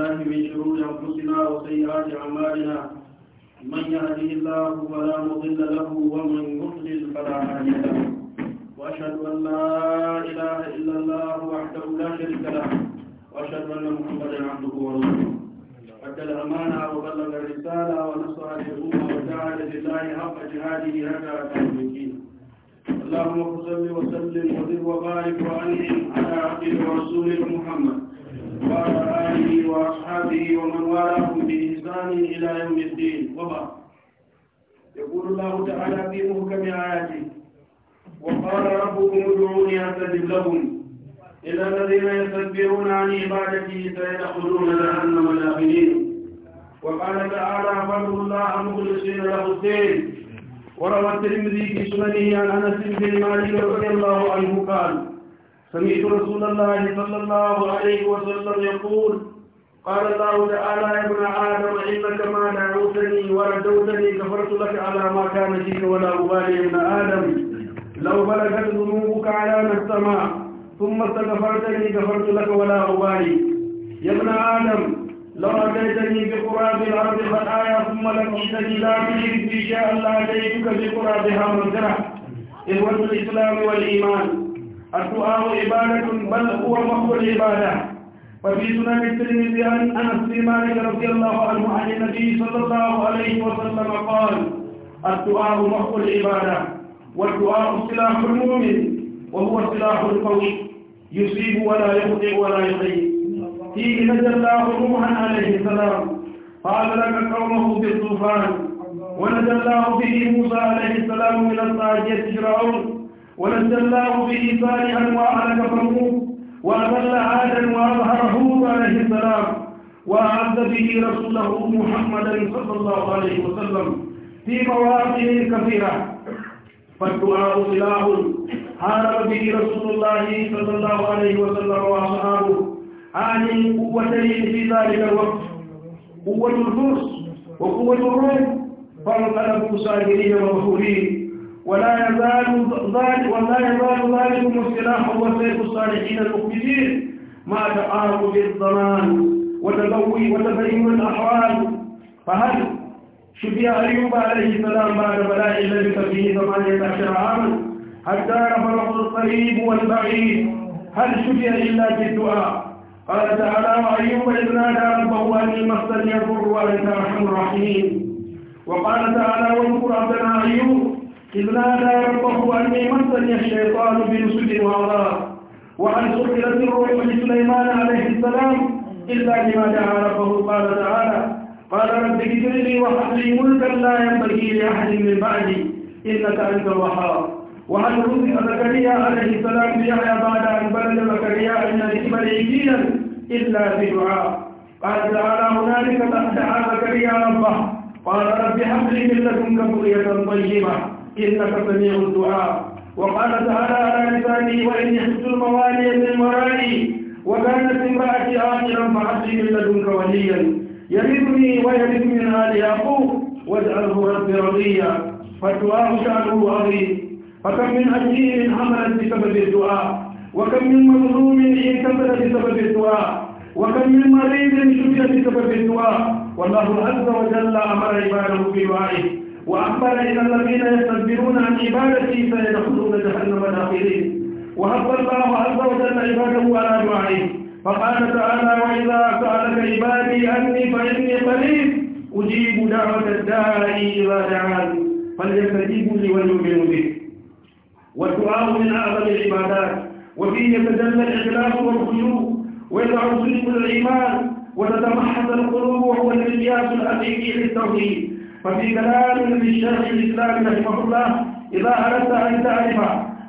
بالله من شرور أنفسنا وسيئات أعمالنا من يهده الله فلا مضل له ومن يضلل فلا هادي له وأشهد أن لا إله إلا الله وحده لا شريك له وأشهد أن محمدا عبده ورسوله أدى الأمانة وبلغ الرسالة ونصر الأمة وجعل لله حق جهاده هدى المسلمين اللهم صل وسلم وزد وبارك وأنعم على عبدك ورسولك محمد وعلى آله وأصحابه ومن والاه بإحسان إلى يوم الدين وبعد يقول الله تعالى في محكم آياته وقال ربكم ادعوني أستجب لكم إلى الذين يستكبرون عن عبادتي سيدخلون جهنم داخلين وقال تعالى فاعبدوا الله مخلصين له الدين وروى الترمذي في سننه عن انس بن مالك رضي الله عنه قال سمعت رسول الله صلى الله عليه وسلم يقول قال الله تعالى يا ابن آدم إنك ما دعوتني وردوتني كفرت لك على ما كان فيك ولا أبالي يا ابن آدم لو بلغت ذنوبك على السماء ثم استغفرتني كفرت لك ولا أبالي يا ابن آدم لو أتيتني بقراب الأرض خطايا ثم لقيتني لا تشرك بي الله لأتيتك بقرابها منزلة إخوة الإسلام والإيمان الدعاء عبادة بل هو محو العبادة وفي سنن الترمذي عن انس بن مالك رضي الله عنه عن النبي صلى الله عليه وسلم قال الدعاء محو العبادة والدعاء سلاح المؤمن وهو سلاح القوي يصيب ولا يخطئ ولا يضيع فيه نجى الله نوحا عليه السلام قال لك قومه بالطوفان ونجى الله به موسى عليه السلام من الطاغية فرعون ونزلناه بإيثار أنواع لكفره وأذل عادا وأظهر هود عليه السلام وأعز به رسوله محمدا صلى الله عليه وسلم في مواطن كثيرة فالدعاء سلاح هارب به رسول الله صلى الله عليه وسلم وأصحابه عن قوتين في ذلك الوقت قوة الفرس وقوة الروم فانقلبوا ساجرين ومفهولين ولا يزال ذلك ولا يزال ذلك السلاح وسيف الصالحين المخبتين ما تعارض بالضمان وتبوي وتبين الأحوال فهل شفي أيوب عليه السلام بعد بلاء ذلك فيه ثمانية عشر عاما حتى رفضه القريب والبعيد هل شفي إلا بالدعاء قال تعالى وأيوب إذ نادى ربه أني مسني يضر وأنت أرحم الراحمين وقال تعالى واذكر عبدنا أيوب إذ نادى ربه أني مسني الشيطان بنسج وعراء وعن سكرة الروح لسليمان عليه السلام إلا لما دعا ربه قال تعالى قال رب اغفر لي ملكا لا ينبغي لأحد من بعدي إنك أنت الوهاب وعن رزق زكريا عليه السلام بيحيى بعد أن بلد زكريا إن الكبر عجيلا إلا في دعاء قال تعالى هنالك دعا زكريا ربه قال رب هب لي من لدنك طيبة إنك سميع الدعاء وقال تعالى على لساني وإني خفت الموالي من ورائي وكانت امرأتي آخرا فهب من لدنك وليا يرثني ويرث من آل يعقوب واجعله رب رضيا فالدعاء شأنه عظيم فكم من أجير حملت بسبب الدعاء وكم من مظلوم انتصر بسبب الدعاء وكم من مريض شفي بسبب الدعاء والله عز وجل أمر عباده بدعائه وأقبل إن الذين يستكبرون عن عبادتي فيدخلون جهنم داخلين وهب الله عز وجل عباده على دعائه فقال تعالى وإذا سألك عبادي أني فإني قريب أجيب دعوة الداعي إذا دعان فليستجيبوا لي وليؤمنوا به والدعاء من أعظم العبادات وفيه يتجلى الإخلاص والخشوع ويدع سلم الإيمان وتتمحص القلوب وهو المقياس الحقيقي للتوحيد ففي كلام للشيخ الإسلام رحمه الله إذا أردت أن تعرف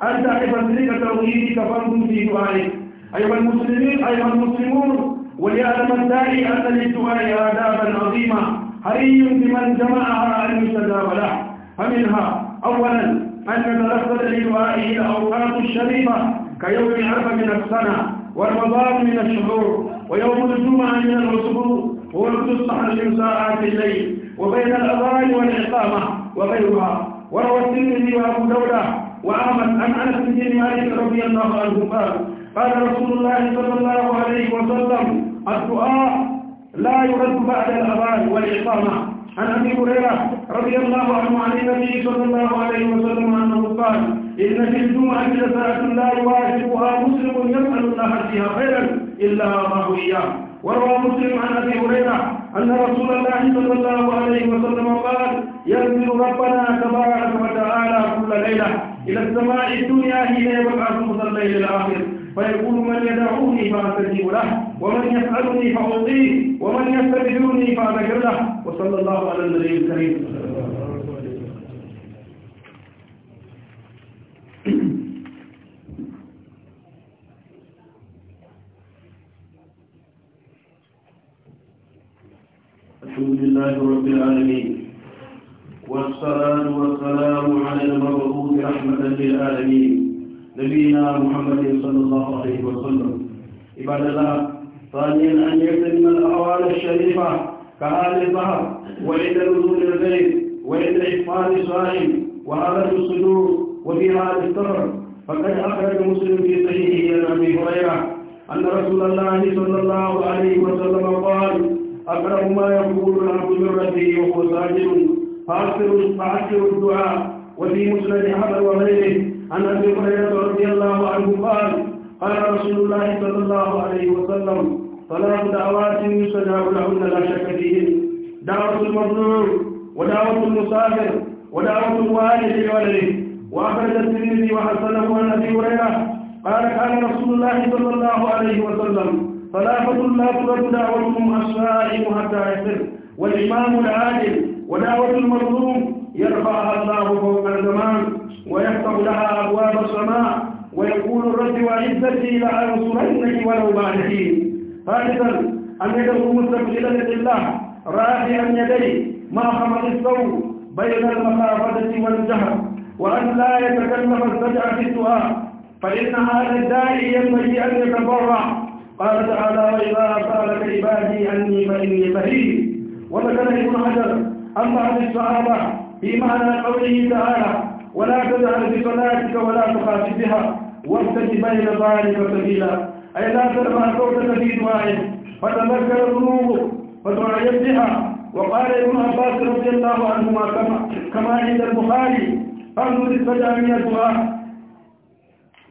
أن تعرف طريق توحيدك فانظر في دعائك أيها المسلمين أيها المسلمون وليعلم الداعي أن للدعاء آدابا عظيمة حري بمن جمعها أن يستجاب له فمنها أولا أن نتلفت لدعائه الأوقات الشريفة كيوم العرب من السنة ورمضان من الشهور ويوم الجمعة من العصور ووقت الصحن من ساعات الليل وبين الأذان والإقامة وغيرها وروى الترمذي وأبو دولة وأحمد عن أنس بن مالك رضي الله عنه قال قال رسول الله صلى الله عليه وسلم الدعاء لا يرد بعد الأذان والإقامة عن أبي هريرة رضي الله عنه عن النبي صلى الله عليه وسلم أنه قال إن في الجمعة جزاء لا يوافقها مسلم يسأل الله فيها خيرا إلا أعطاه إياه وروى مسلم عن ابي هريره ان رسول الله صلى الله عليه وسلم قال ينزل ربنا تبارك وتعالى كل ليله الى السماء الدنيا حين يبعث مصلى الليل الاخر فيقول من يدعوني فاستجيب له ومن يسالني فاعطيه ومن يستبدلني فاذكر له وصلى الله على النبي الكريم الحمد لله رب العالمين والصلاة والسلام على المبعوث رحمة للعالمين نبينا محمد صلى الله عليه وسلم عباد الله ثانيا أن يكتم الأعوال الشريفة كآل الظهر وعند نزول البيت وعند إحفاد الصائم وهذا الصدور وفي هذا السفر فقد أخرج مسلم في صحيحه عن أبي هريرة أن رسول الله صلى الله عليه وسلم قال أقرب ما يقول العبد من ربه وهو ساجد فأكثر فأكثر الدعاء وفي مسند أحمد وغيره عن أبي هريرة رضي الله عنه قال قال رسول الله صلى الله عليه وسلم ثلاث دعوات يستجاب لهن لا شك فيهن دعوة المظلوم ودعوة المسافر ودعوة الوالد لولده وأخرج الترمذي وحسنه عن أبي هريرة قال كان رسول الله صلى الله عليه وسلم فلا تقل لا ترد دعوتكم الشائع حتى يصل والإمام العادل ودعوة المظلوم يرفعها الله فوق الزمان ويفتح لها أبواب السماء ويقول الرد وعزتي لأنصرنك ولو بعد حين ثالثا أن يدعو مستقبلا لله رافعا يديه ما حمل الصوت بين المخافة والجهل وأن لا يتكلم الزجع في السؤال فإن هذا الداعي ينبغي أن يتبرع قال تعالى وإذا سألك عبادي عني فإني قريب وذكر ابن حجر عن بعض الصحابة في معنى قوله تعالى ولا تجعل في صلاتك ولا تخاف بها وابتغ بين ذلك سبيلا أي لا ترفع صوتك في دعائك فتذكر ذنوبك فتعيد بها وقال ابن عباس رضي الله عنهما كما كما عند البخاري فانظر الفجر من الدعاء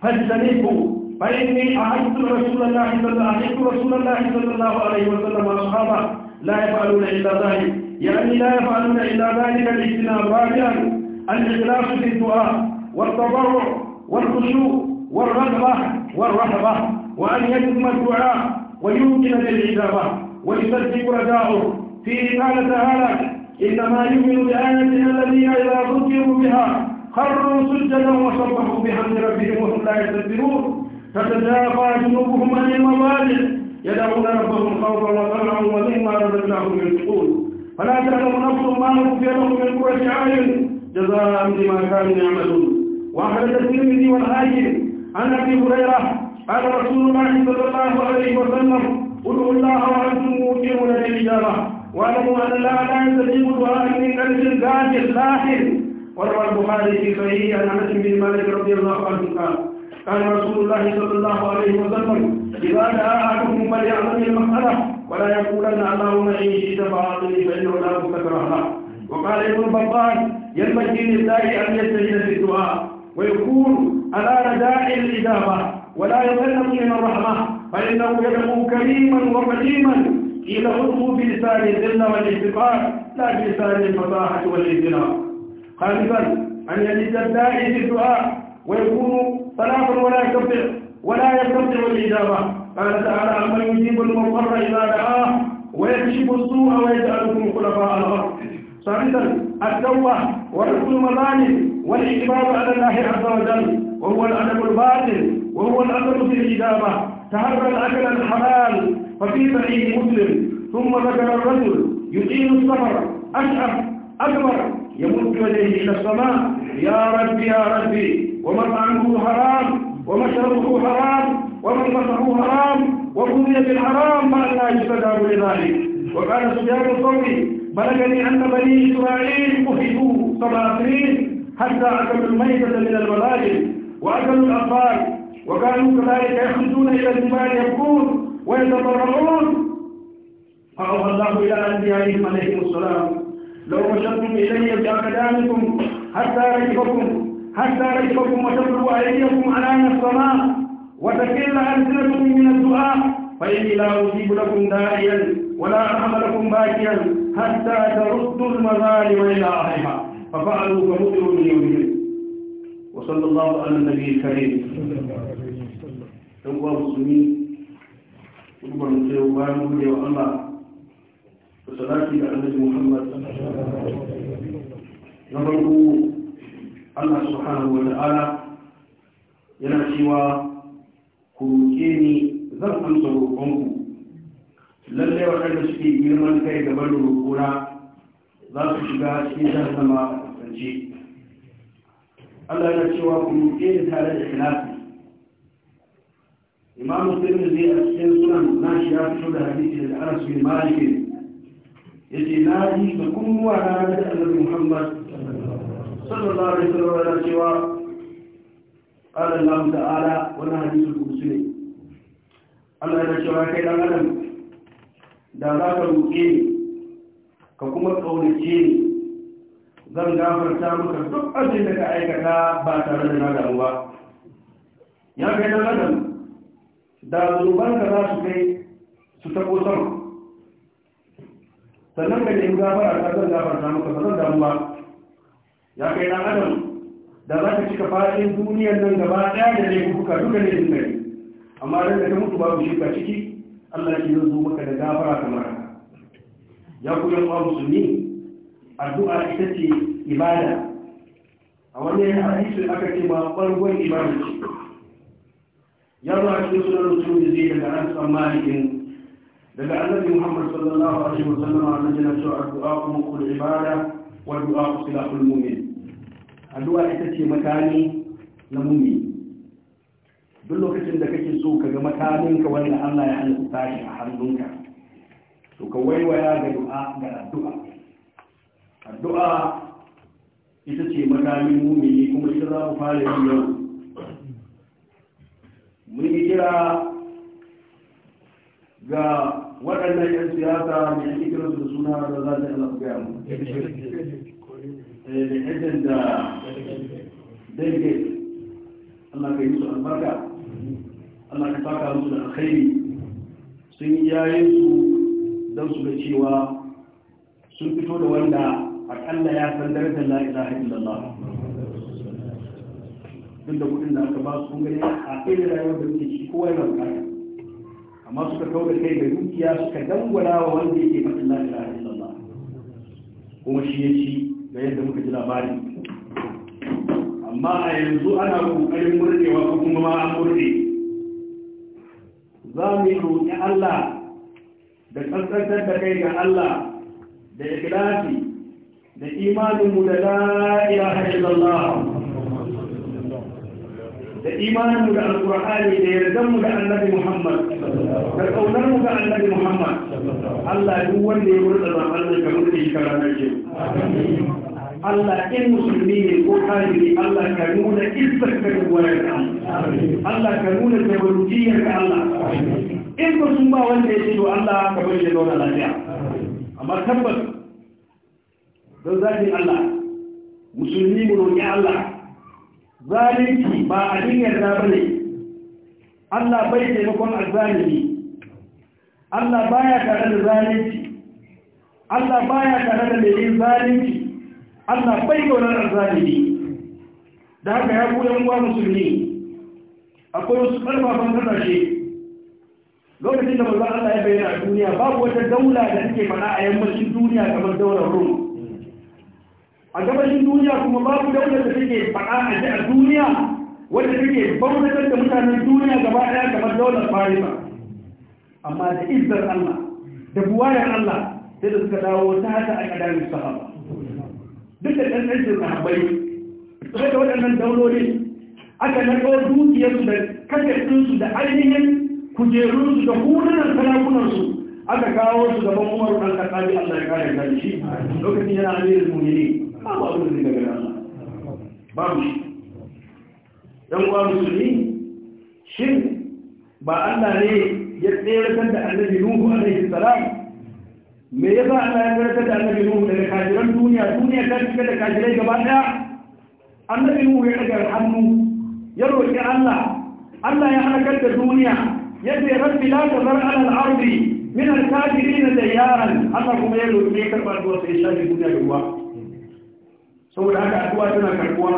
فاجتنبوا فإني أعدت رسول الله صلى الله أعجت رسول الله صلى الله عليه وسلم وأصحابه لا يفعلون إلا ذلك يعني لا يفعلون إلا ذلك الاجتناب راجعا الإخلاص في الدعاء والتضرع والخشوع والرغبة والرهبة وأن يتم الدعاء ويمكن للإجابة ويصدق رجاؤه في قال تعالى إنما يؤمن بآياتنا الذين إذا ذكروا بها خروا سجدا وسبحوا بحمد ربهم وهم لا يستكبرون تتجافى جنوبهم عن المضاجع يدعون ربهم خوفا وطمعا ومما رزقناهم ينفقون فلا تعلم نفس ما نخفي لهم من قرة عين جزاء بما كانوا يعملون واحد الترمذي والهاجر عن أبي هريرة قال رسول الله صلى الله عليه وسلم ادعوا الله وأنتم موقنون بالإجابة واعلموا أن لا لا يستجيب دعاء من قلب ذات لاحق وروى البخاري في صحيح عن أنس بن مالك رضي الله عنه قال قال رسول الله صلى الله عليه وسلم إذا جاء أحدكم فليعلم المسألة ولا يقولن اللهم نعيش شئت فأعطني فإنه لا وقال ابن بطال ينبغي لله أن يستجد في الدعاء ويكون ألا رجاء الإجابة ولا يظن من الرحمة فإنه يدعو كريما وقديما إلى ادعو بلسان الذل والاحتقار لا بلسان الفصاحة والانزلاق خامسا أن يجد الداعي في الدعاء ويكون صلاة ولا يستطيع ولا يستطيع الإجابة قال تعالى أمن يجيب المضطر إذا دعاه ويكشف السوء ويجعلكم خلفاء الأرض ثالثا التوبة ورفع المظالم والإجبار على الله عز وجل وهو الأدب الباطل وهو الأدب في الإجابة تهرب الأكل الحلال ففي بعيد مسلم ثم ذكر الرجل يطيل السفر أشعر أكبر يمد يديه إلى السماء يا ربي يا ربي ومطعمه حرام ومشربه حرام ومنفقه حرام وقضي بالحرام ما لا يستجاب لذلك وقال سفيان الثوري بلغني ان بني اسرائيل قحطوا سلاطين حتى اكلوا الميتة من الملاجئ واكلوا الاطفال وكانوا كذلك يخرجون الى الجبال يبكون ويتضرعون فاوحى الله الى انبيائهم عليهم السلام لو مشدتم الي باقدامكم حتى ركبكم حتى ريشكم وتبلغ أيديكم على السماء وتكل ألسنتكم من الدعاء فإني لا أجيب لكم داعيا ولا أرحم لكم باكيا حتى تردوا المظالم إلى أهلها ففعلوا فمطروا من يومهم وصلى الله على النبي الكريم ɗan'uwa musulmi kuma da yau يا الله wa Allah النبي محمد da Allah subhanahu wa ta'ala yana cewa ku roƙe ni zan amsa roƙonku lallai waɗanda suke girman kai gaban da roƙona za su shiga cikin jan sama a Allah yana cewa ku roƙe ni tare da khilafi imam Musulmi zai a cikin sunan nashi ya fito da hadisi da anas bin Ya ce na yi ga kunnuwa na da annabi muhammad sallallahu alaihi wasallam yana cewa qala Allah ta'ala wannan hadisul qudsi ne Allah yana cewa kai dan adam da za ka roƙe ka kuma kaunace ni zan gafarta maka duk abin da ka aikata ba tare da na damu ba ya kai dan adam da ka za su kai su tabo sama sannan ka nemi gafara ta zan gafarta maka ba zan damuwa. ba ya kai dan adam da za ka cika fadin duniyar nan gaba daya da ne kuka duka ne din gari amma da ka mutu babu shi ka ciki Allah ke zo maka da gafara kamar haka ya ku yan a addu'a ita ce ibada a wannan hadisin aka ce ma bargon ibada ce ya zo a cikin sunan musulmi zai daga an san malikin daga annabi muhammad sallallahu alaihi wasallam annabi na cewa addu'a kuma kul ibada wa du'a silahul mu'min addu'a ita ce makami na mummi duk lokacin da kake so ka ga makaminka wanda Allah ya halitta shi a hannunka to ka waiwaya ga du'a ga addu'a addu'a ita ce makamin mummi kuma ita za mu fara yi yau mun yi kira ga waɗannan 'yan siyasa mai ake kiransu da suna da za ta yi alaƙa mu da da daidai Allah ka yi musu albarka Allah ka saka musu da alkhairi sun yi yayin su don su ga cewa sun fito da wanda akalla ya san darajar la ilaha illallah duk da kudin da aka ba su kun gani a irin rayuwar da muke ciki kowa yana bukata amma suka kawo da kai da dukiya suka dangwala wa wanda yake faɗin la ilaha illallah kuma shi ya ci da yadda muka ji labari amma a yanzu ana kokarin murnewa ko kuma ma an murne za mu roƙi Allah da tsantsantar da kai ga Allah da ikhlasi da imanin mu da la ilaha illallah da imaninmu da alkur'ani da yardanmu da annabi muhammad da mu ga annabi muhammad allah duk wanda ya wurta zaman da kamar da shi ranar yau Allah in musulmi ne ko kafiri Allah ka nuna izzar ka da wayar ka Allah ka nuna tabarujiyar ka Allah in ba sun ba wanda ya ce to Allah ka bari da zauna lafiya amma tabbas don zafin Allah musulmi mu roƙi Allah zalunci ba a yarda ba ne Allah bai taimakon azalimi Allah baya tare da zalunci Allah baya tare da mai zalunci Allah bai gaunar azzalimi da haka ya koyan uwa musulmi akwai wasu ƙarfafan ƙasashe lokacin da manzon Allah ya bayyana a duniya babu wata daula da take faɗa a yammacin duniya kamar daular Rum a gabashin duniya kuma babu daular da suke faɗa a ji a duniya wanda suke bautar da mutanen duniya gaba ɗaya kamar daular farisa amma da izar Allah da buwayar Allah sai da suka dawo ta haka a kadarin sahaba duk da ɗan ɗan sahabbai sai da waɗannan daulolin aka naɗo dukiyar da kashetinsu da ainihin kujerunsu da hudunan sarakunansu aka kawo su gaban umaru ɗan kasabi allah ya kare shi lokacin yana amirin muni ba mu abin da zai daga Allah ba mu shi ɗan uwa musulmi shi ba Allah ne ya tseratar da annabi Nuhu alaihi salam me ya ba Allah ya tseratar da annabi Nuhu daga kafiran duniya duniya ta cika da kajirai gaba ɗaya annabi Nuhu ya daga hannu ya roƙi Allah Allah ya halakar da duniya ya ce rabbi la tazar ala al-ardi min al-kafirin dayyaran Allah kuma ya roƙi karɓar duwa sai shafi duniya da ruwa saboda haka addu'a tana karbuwa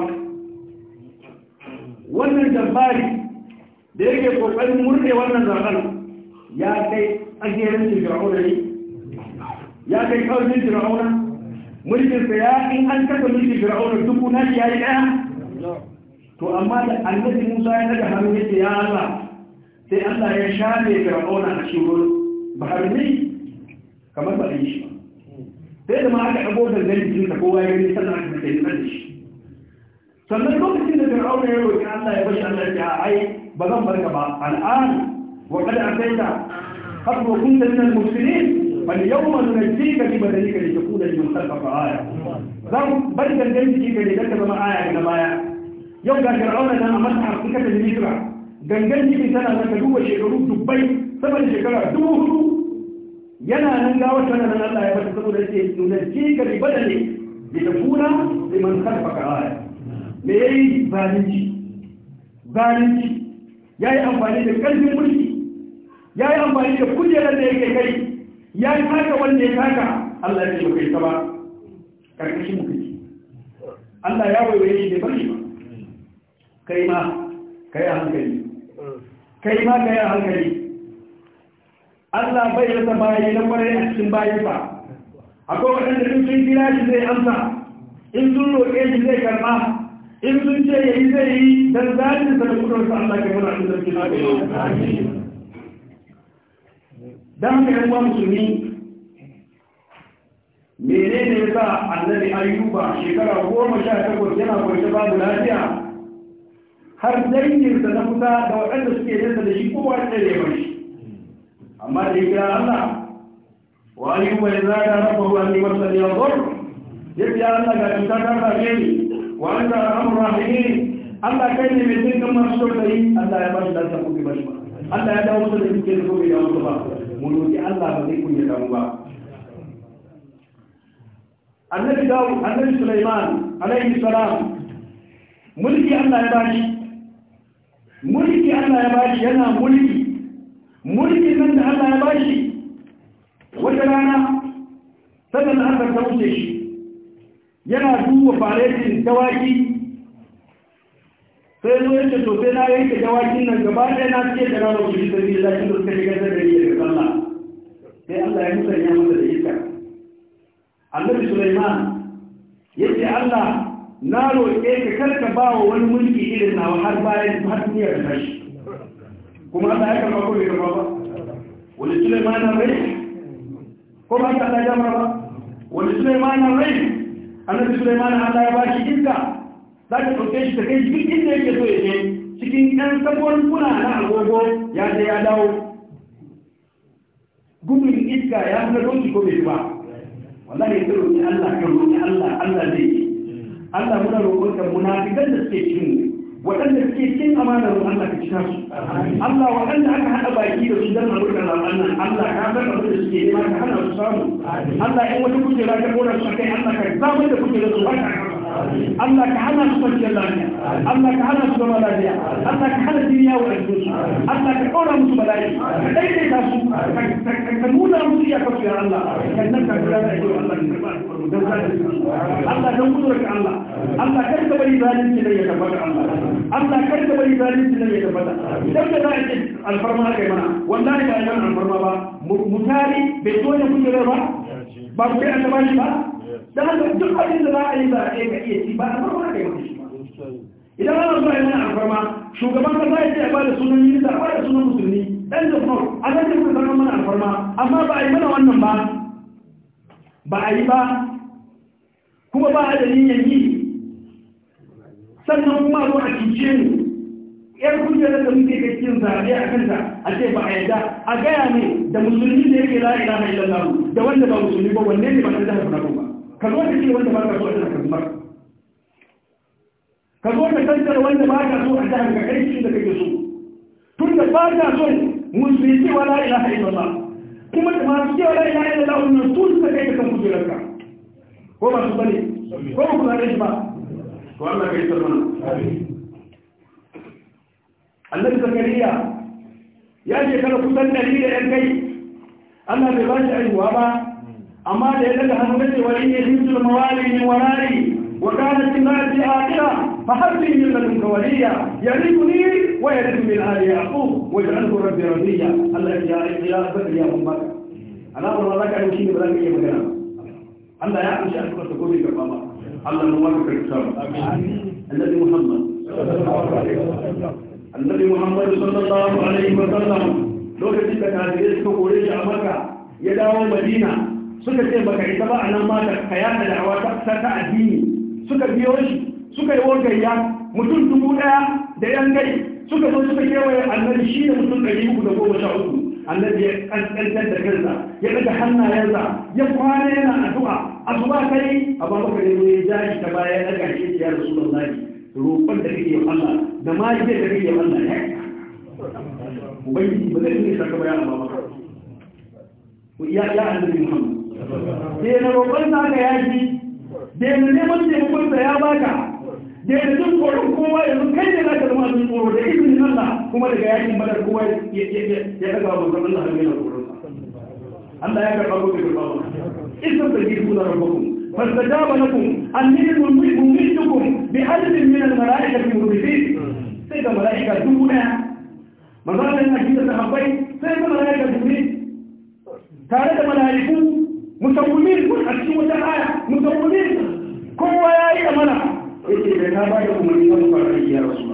wannan dabari da yake kokarin murde wannan zaben ya kai ajerin fir'auna ne ya kai kawai fir'auna mulkin sa ya in an kafa mulkin fir'auna duku na ya yi daya to amma da annabi Musa ya daga hannu yake ya ala sai Allah ya shafe fir'auna a cikin bahar ne kamar ba shi sai da ma aka ɗago gangan jikin ka kowa ya gani sannan aka mace nan shi sannan lokacin da fir'auna ya roƙi Allah ya bashi Allah ya ai ba zan barka ba al'an wa kada asaita qad wa kunta min al-muslimin bal yawma nunajjika bi badanika li takuna liman khalqaka aya zan bar gangan jikin ka da ka zama aya ga baya yau ga fir'auna dan amma ta suka da jira gangan jikin tana zaka duba shekaru dubbai saboda shekara dubu hudu yana nan ga wata nan Allah ya bata saboda yake nunarci ga ribada ne da kuna da man kalfa kawai me yayi zalunci zalunci yayi amfani da karfin mulki yayi amfani da kujerar da yake kai yayi haka wanda ya haka Allah ya yi kai ta ba karkashin mulki Allah ya waiwaye ne bari ba kai ma kai hankali kai ma kai hankali Allah bai rasa bayi na kwarai a cikin bayi ba akwai waɗanda in sun kira shi zai amsa in sun roƙe shi zai karɓa in sun ce ya yi zai yi don zaɗin sa da sa Allah ke muna cikin sarki na don haka yan uwa musulmi menene ya sa annabi ayyuba shekara goma sha takwas yana kwanci babu lafiya har danginsa na kusa da waɗanda suke nesa da shi kowa ɗaya ne ya amma da ya kira Allah wa ayyuba idza da rabbahu an yusalli al-dhur yabi Allah ga cuta ta sake ni wa anta arhamur rahimin Allah kai ne mai jin kan masu yi? Allah ya ba shi dan sako ba shi ba. Allah ya dawo musu da yake da gobe da wasu ba Mun roki Allah ba zai kunya da mu ba annabi dawo annabi Sulaiman alaihi salam mulki Allah ya ba shi mulki Allah ya ba shi yana mulki mulki nan da Allah ya bashi wata rana sannan aka tauce shi yana duba faretin dawaki sai zo yake to sai na yanke dawakin nan gaba ɗaya na ce da rawar shi sai bi lafi da kai ga da yi da Allah sai Allah ya musanya masa da iska Annabi Sulaiman yace Allah na roƙe ka karka ba wa wani mulki irin nawa har bayan har ta tashi kuma Allah ya karba ko bai karba ba wani Sulaiman rai ko ba ta da ba wani Sulaiman rai annabi Sulaiman Allah ya ba shi iska za ki dauke shi ta kai duk inda yake so ya je cikin ɗan sabon kuna na agogo ya je ya dawo gudun iska ya fi roki ko bai ba wallahi ya roki Allah kan roki Allah Allah zai yi Allah muna roƙon ka munafikan da suke cikin waɗanda suke cin amanar Allah ka cika su Allah waɗanda aka haɗa baki da su dan amurka labanan Allah ka san abin da suke nema ka hana su samu Allah in wata kujera ka kora su akai Allah ka zama da kujera su ba ka Allah ka hana su kwanciyar lafiya Allah ka hana su zama lafiya Allah ka hana duniya wa ɗansu Allah ka ƙaura musu bala'i ka daidaita su ka nuna musu iya kasu ya Allah kan nan ka kira da yau Allah ka karɓa don zalunci Allah kan kudurar ka Allah Allah kar ka bari zalunci da ya tabbata Allah Allah kar ka bari zalunci da ya tabbata idan ka za a ce alfarma kai mana ne ba a yi alfarma ba mutari bai so ne kujerar ba ba ku kai an ba ba da haka duk abin da za a yi ba a ka iya ci ba a farko aka yi ba idan ana zuwa yana alfarma shugaban kasa ya ba da sunan minista a da sunan musulmi dan da kuma a zan zai kuma zama mana alfarma amma ba a yi mana wannan ba ba a yi ba kuma ba a da niyan yi sannan kuma zo a cince mu yan kujerar da muke kai cikin zaɓe a kanta a ce ba a yadda a gaya ne da musulmi da yake la'ila na ilallahu da wanda ba musulmi ba wanne ne ba ta da haifar ba ka zo da shi wanda ba ka so a jihar kamar ka zo da kantar wanda ba ka so a jihar ka kai shi da kake so tun da ba ka so musulunci wa la ilaha illallah kuma da masu cewa la ilaha illallah wannan tun da kai ka kan kujerarka ko ba su bane ko ba ku zaɓe shi ba to Allah kai yi sarmana Allah zakariya ya je kada kusan san dalilin yan kai Allah bai ba shi aihuwa ba amma da ya daga hannu kace wani ya hinsu mawali ni warari wa kana timati akira fa habbi min ladunka waliya yarithuni wa yarithu min ali yaqub waj'alhu rabbi radiya Allah ya ya sabbi ya umma ala wa laka an kini bazan yi magana Allah ya amshi alƙur'ani ta gobe gaba ba Allah mu wani kirkar amin annabi Muhammad sallallahu alaihi wasallam annabi Muhammad sallallahu alaihi wasallam lokacin da kafirai suka kore shi a Makka ya dawo Madina suka ce baka isa ba a nan ma da kaya da da'awa ta ta addini suka biyo shi suka yi wagayya mutum dubu daya da yan gai suka zo suka kewaye annabi shi da mutum ɗari uku da goma sha uku annabi ya ƙanƙantar da kansa ya ɗaga hannayensa ya kwana yana addu'a addu'a kai a ba baka nemo ya shi ta baya ya ɗaga shi ya rasu da zari roƙon da kake yin Allah da ma da kake yi Allah ya yi ubangiji ba zai ne saka bayan a ba baka ya annabi Muhammad da roƙonsa aka yaki neman ya baka da yana kowa yanzu kai ne za ka zama abin tsoro da kuma daga yakin badar kowa ya daga wa manzon Allah hanyar tsoron Allah ya karɓa ko bai karɓa ba isan sarki ku na rabbakum fastajaba lakum anni mumitukum bi alfin min al malaikati murdifin sai ga malaika dubu daya manzon Allah ya kida sahabbai sai ga malaika dubu tare da malaiku musawwimin kun a cikin wata aya musawwimin kowa ya yi mana. yake da ta ba da umarni wani farar ya rasu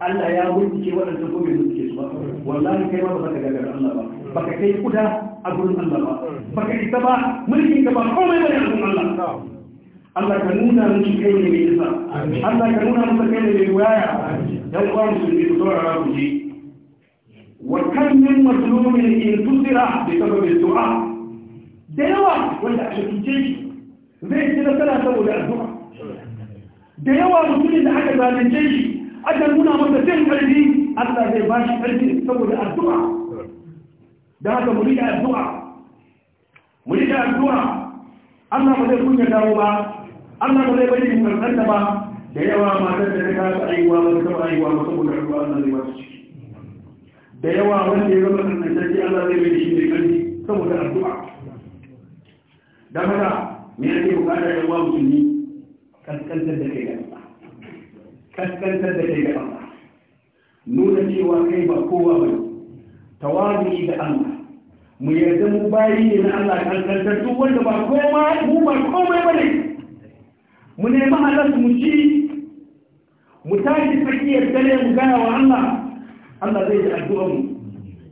Allah ya bincike waɗanda ko bai bincike su ba wallahi kai ma ba ka daga Allah ba baka kai kuda a gurin Allah ba baka isa ba mulkin ka ba komai bane a gurin Allah Allah ka nuna musu kai ne mai isa Allah ka nuna musu kai ne mai waya dan uwa musulmi ku saurara ku ji وكم من مظلوم انتصر بسبب الدعاء da yawa wanda a shafince shi zai ci nasara saboda addu'a da yawa mutumin da aka zalunce shi aka nuna masa jin ƙarfi Allah zai ba shi ƙarfi saboda addu'a da haka mu rika addu'a mu rika addu'a Allah ba zai kunya dawo ba Allah ba zai bari mu karɓar ba da yawa matar da ta kasa aiwa ba ta taɓa aiwa ba saboda addu'a Allah zai ba su ciki da yawa wanda ya zama karnatacce Allah zai mai shi mai kanji saboda addu'a da haka me ake bukata yan wa musulmi kaskantar da kai gaba kaskantar da kai nuna cewa kai ba kowa ba tawadi da Allah mu yarda mu bayi ne na Allah kaskantar duk wanda ba koma mu ba komai bane mu nemi halal mu ci mu tashi tsakiyar dare mu gaya wa Allah Allah zai ji addu'ar mu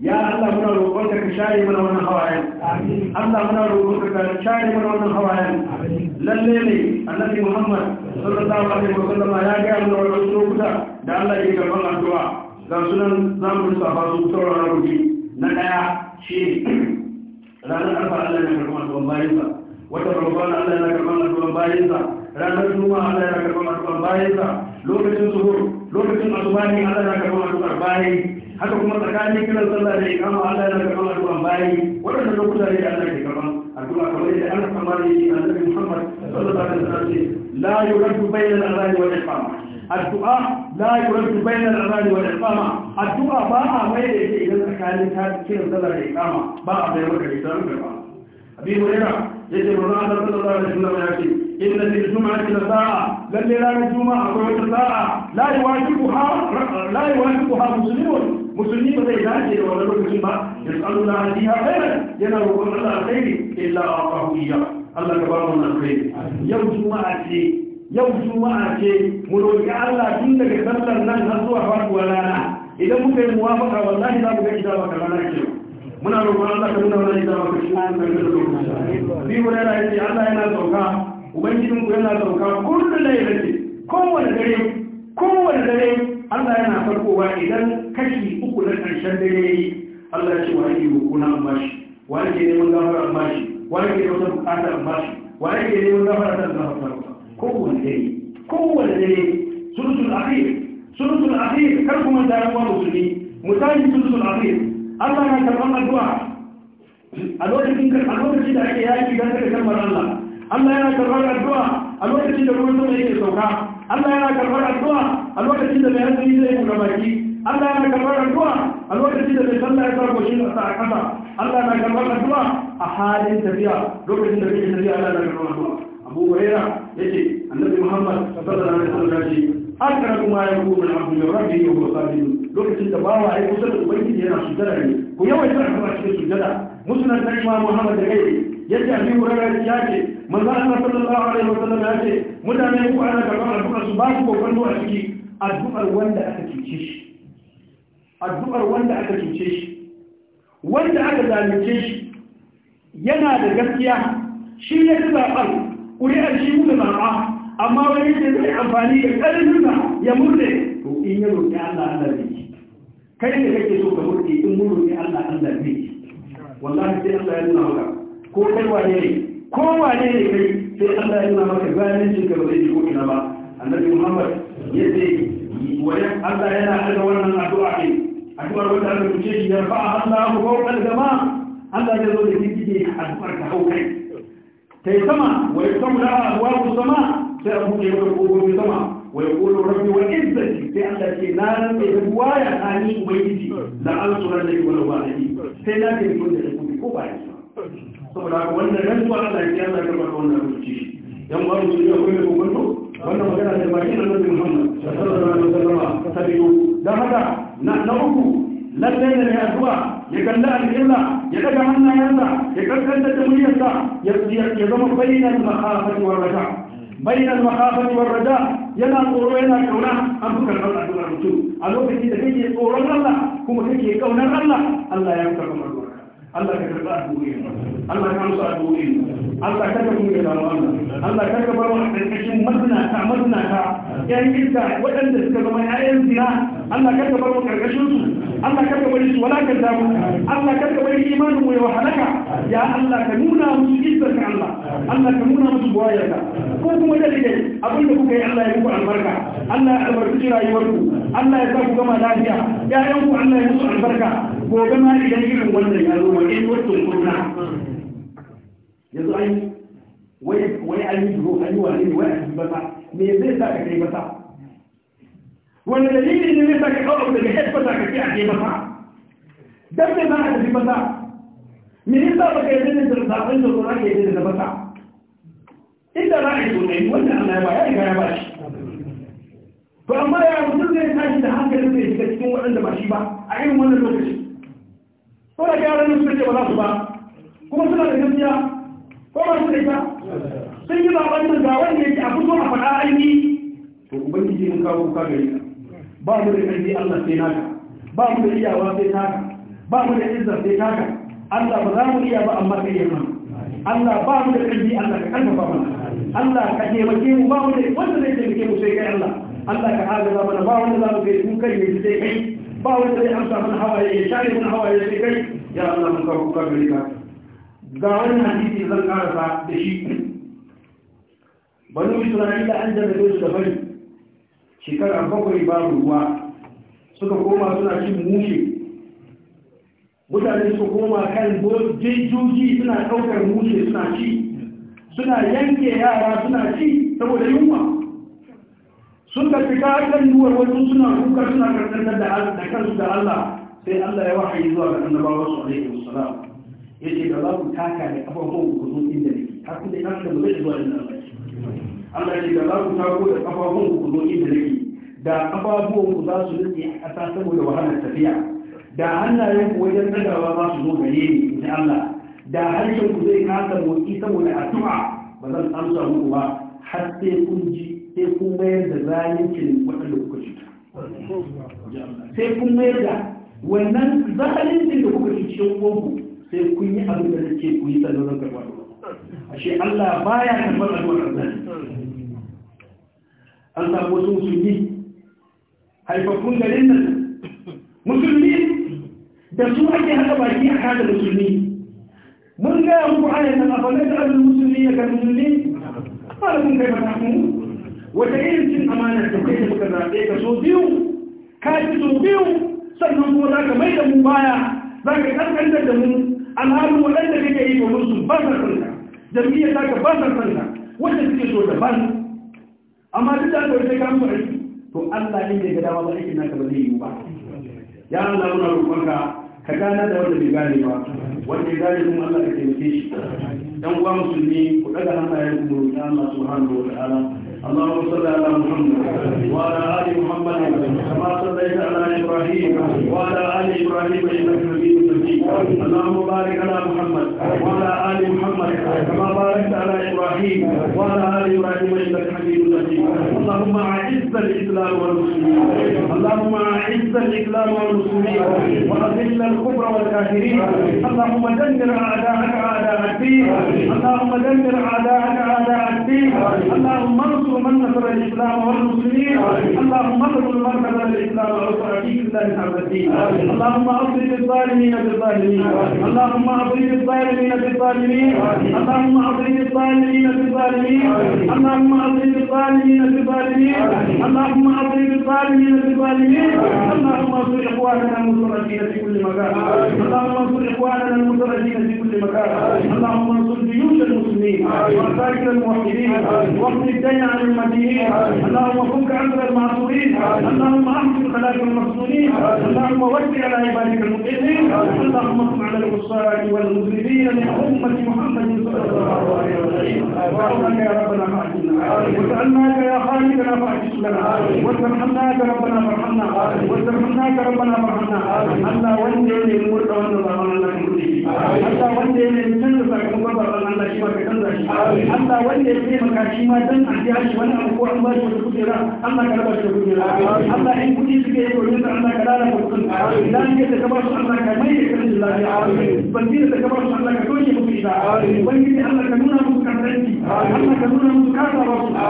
ya Allah muna roƙon ka share mana wannan hawayen Allah muna roƙon ka share mana wannan hawayen lalle ne annabi Muhammad sallallahu alaihi wa sallam ya ga mu wannan lokuta da Allah ya karɓa addu'a ga sunan zamu lissafa su saurara rubuci na daya shi ranar alfa Allah ya karɓar addu'a bayan sa wata ramadan Allah ya karɓa addu'a bayan sa ranar juma'a Allah ya karɓar addu'a bayan sa lokacin suhur lokacin azubani Allah ya karɓa addu'ar bayi haka kuma tsakanin kiran sallah da ikama Allah ya karɓa addu'ar bayi wannan lokuta ne da Allah ke karɓa. addu'a kamar yadda Allah kamar da Annabi Muhammad sallallahu alaihi wasallam ce la yuraddu bainal wa al iqama addu'a la yuraddu bainal wa al iqama addu'a ba a mai da ita idan tsakanin ta kiran sallah da ikama ba a mai maka ita ba Abi Hurairah yace manzo Allah sallallahu alaihi wasallam ya ce inna fil jum'ati la sa'a lalle ranar juma'a akwai wata sa'a la yuwajibuha la yuwajibuha muslimun musulmi ba zai dace a wannan lokacin ba yasalu la hadiha khairan yana roƙon Allah alkhairi illa aqahu iyya Allah ka ba mu alkhairi yau juma'a ce yau juma'a ce mu roƙi Allah tun daga sallar nan har zuwa faɗuwa rana idan muka yi muwafaka wallahi za mu ga ita baka rana kenan muna roƙon Allah da Allah yana sauka ubangijin ku yana sauka kullu lailati kowane dare kowane dare Allah yana farkowa idan kashi uku na karshen dare yayi Allah ya ce wa yake kuna mashi wa yake neman gafara mashi wa yake da wata bukata mashi wa yake neman gafara da Allah kowane dare kowane dare sulusul akhir sulusul akhir kar kuma da ruwa musulmi misali sulusul akhir Allah ya karɓar addu'a a lokacin da ake yaki don kada kalmar Allah Allah yana karbar addu'a a lokacin da ruwan sama yake sauka Allah yana karbar addu'a a lokacin da mai hanzari zai buga baki Allah yana karbar addu'a a lokacin da mai sallah ya sa a sa a kasa Allah yana karbar addu'a a halin tafiya lokacin da kake tafiya Allah yana karbar addu'a Abu Huraira yace Annabi Muhammad sallallahu alaihi wasallam yace akrabu ma yakunu min abdi rabbihi wa huwa sajid lokacin da bawa ai kusa da ubangiji yana sujada ne ku yawaita a cikin sujada musnad da Imam Muhammad da kai yace Abi Hurairah yace manzo Allah sallallahu alaihi wasallam ya ce mutane ku ana karɓar addu'ar su ba su kokon ciki addu'ar wanda aka shi addu'ar wanda aka cuce shi wanda aka zalunce shi yana da gaskiya shi ya ci zaɓar ƙuri'ar shi mu da zaɓa amma wani ce zai amfani da ƙarfinsa ya murde to in ya roƙi Allah Allah zai ci kai da kake so ka murde in mun roƙi Allah Allah zai ci wallahi sai Allah ya nuna maka ko kai wane ne kowa ne ne kai sai Allah ya nuna maka zalunci ka ba zai ji ko ina ba annabi Muhammad ya ce wajen Allah yana daga wannan addu'a ne addu'ar wanda aka tuce shi ya fa'a Allah ko kalgama Allah ya zo da kike addu'ar ka hau kai kai sama wa yasamu la abwaabu sama sai abu ne ko ko sama wa yaqulu rabbi wa izzati sai Allah ce na ran da buwaya ani ubangiji la an sunan da wala wala sai na ke tun da ko ba ya saboda haka wannan rantsuwa Allah ya kiyama ya karɓar wannan rubuci yan ba mu yi akwai mai kwanto, wannan magana da baki na nabi Muhammad sallallahu alaihi wasallam ta biyu dan haka na uku lallai ne ya addu'a ya kalla al'illa ya daga hannayensa ya karkanta da muryarsa ya zama bayyana makhafati wa raja'a بين yana والرجاء يلا قولوا يلا a أبوك الله A lokacin da kake tsoron Allah, kuma kake تكي Allah, Allah ya يمكن أمرنا Allah ka karɓa addu'o'in Allah ka amsa addu'o'in Allah ka karɓa mu da wannan Allah ka karɓa mu a ƙarƙashin mazinata mazinata yan iska waɗanda suka zama ƴaƴan zina Allah ka karɓa mu ƙarƙashin su Allah ka karɓa barisu wala ka damu Allah ka karɓa imanin mu ya wahalaka ya Allah ka nuna musu izzar ka Allah Allah ka nuna musu buwayarka ko kuma da dai abin da kuka yi Allah ya muku albarka Allah ya albarkaci rayuwarku Allah ya sa ku gama lafiya ƴaƴanku Allah ya musu albarka gobe ma idan irin wannan ya zo in wacin kunna yanzu an wai an yi duro an yi wani ne wai a ba sa me zai sa ka kai ba Wani dalili ne zai sa ka kawo daga head ba ka kai a kai ba dan me za a tafi ba sa me yasa ba ka yi da zaɓen da kuma ke yi da ba sa inda za a yi tunani wannan Allah ba ya riga ya ba shi to amma ya mutum zai tashi da hankalin zai shiga cikin waɗanda ba shi ba a irin wannan lokaci ko da yaran su ce ba za su ba kuma suna da gaskiya ko ba su da sun yi zaɓen da ga da yake a fito a faɗa aiki to ubangiji mun kawo ka gari ka ba mu da ƙarfi Allah sai naka ba mu da iyawa sai naka ba mu da izza sai naka Allah ba za mu iya ba amma kai yamma Allah ba mu da ƙarfi Allah ka karfafa mana Allah ka taimake mu ba mu da wanda zai taimake mu sai kai Allah Allah ka agaza mana ba wanda za mu kai mu kai ne sai kai ba wanda zai amsa mana hawaye ya share mana hawaye sai kai ya Allah mun kawo ka gari ka ga wannan hadisi zan karasa da shi banu Isra'ila an jarrabe su da bari shekara bakwai ba ruwa suka koma suna cin mushe mutane su koma kan jejjoji suna ɗaukar mushe suna ci suna yanke yara suna ci saboda yunwa sun ka tafi kan duwar wajen suna kuka suna karkantar da kansu da Allah sai Allah ya wahayi zuwa ga annabawa su alaihi wassalam yace da za ku taka da kafafun ku zo inda nake ta ku da kanka ba zai zuwa inda Allah ya ce da za ku tako da kafafun ku zo inda nake da ababuwan ku za su rike a ƙasa saboda wahalar tafiya da hannayen ku wajen nagawa za su zo gare ni ni Allah da harshen ku zai kasa motsi saboda addu'a ba zan amsa muku ba har sai kun ji sai kun mayar da zalincin waɗanda kuka cuta sai kun mayar da wannan zalincin da kuka cuta yan uwanku sai kun yi abin da nake ku yi da karɓar ashe Allah baya karɓar addu'ar azzali an samu wasu musulmi haifafun garin nan musulmi da su ake haɗa baki a kada musulmi mun ga muku ayatan a faɗin da musulmi ya ga musulmi ba da kun kai ba ta wata irin cin amana da kai da muka zaɓe ka so biyu ka ci so biyu sannan kuma za ka mai da mu baya za ka ƙarƙantar da mu alhalin waɗanda kake yi wa musu ba sa sanka jam'iyyar za ka ba sanka wanda suke so daban amma duk da aka sai ka mu aiki to Allah ne ya ga dama ba aikin naka ba zai yi ba ya Allah muna roƙonka ka gana da wanda bai gane ba wanda ya gane kuma Allah ka taimake shi dan uwa musulmi ku daga hannayen ku roƙi Allah subhanahu wa ta'ala اللهم صل على محمد وعلى ال محمد كما صليت على ابراهيم وعلى ال ابراهيم انك حميد اللهم بارك على محمد وعلى آل محمد كما باركت على إبراهيم وعلى آل إبراهيم إنك حميد مجيد اللهم أعز الإسلام والمسلمين اللهم أعز الإسلام والمسلمين وأذل الكفر والكافرين اللهم دمر أعداءك أعداء الدين اللهم دمر أعداءك أعداء الدين اللهم انصر من نصر الإسلام والمسلمين اللهم اغفر من في الإسلام والمسلمين اللهم اصلح الظالمين بالظالمين الظالمين اللهم اضرب الظالمين بالظالمين اللهم اضرب الظالمين بالظالمين اللهم اضرب الظالمين بالظالمين اللهم اضرب الظالمين بالظالمين اللهم انصر اخواننا المتردين في كل مكان اللهم انصر اخواننا المتردين في كل مكان اللهم انصر جيوش المسلمين وعساكر الموحدين واقضي الدين عن المدينين اللهم فك عسر المعصومين اللهم احسن خلاف المفصولين اللهم وسع على عبادك المؤمنين اللهم اللهم على العصاة والمذنبين من أمة محمد صلى الله عليه وسلم يا ربنا فاعجلنا وسألناك يا فاعجل لنا ربنا فارحمنا ربنا فارحمنا وانجي من a biya wani abu ko an ba da kujera. الله آمين بنجيل تكبرش الله كتوشي مكيدا بنجيل الله كنونا مكرنتي الله كنونا مكاسا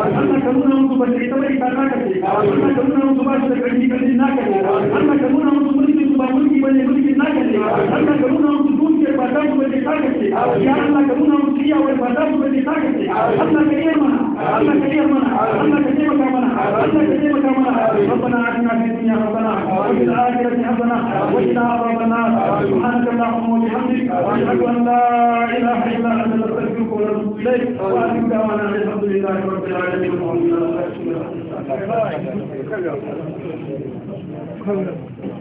رسول الله كنونا مكبشي تبعي تاكاكتي الله كنونا مكباشي تبعي بني ناكتي الله كنونا مكبشي تبعي ملكي بني ملكي ناكتي الله كنونا مكبشي تبعي بني تاكتي يا الله كنونا مكبشي تبعي بني تاكتي الله كريمنا الله كريمنا الله كريمك منا الله كريمك منا ربنا عنا في الدنيا ربنا وفي الآخرة وأشهد أن لا إله إلا أنت نستغفرك ونتوب إليك وآخر دعوانا الحمد لله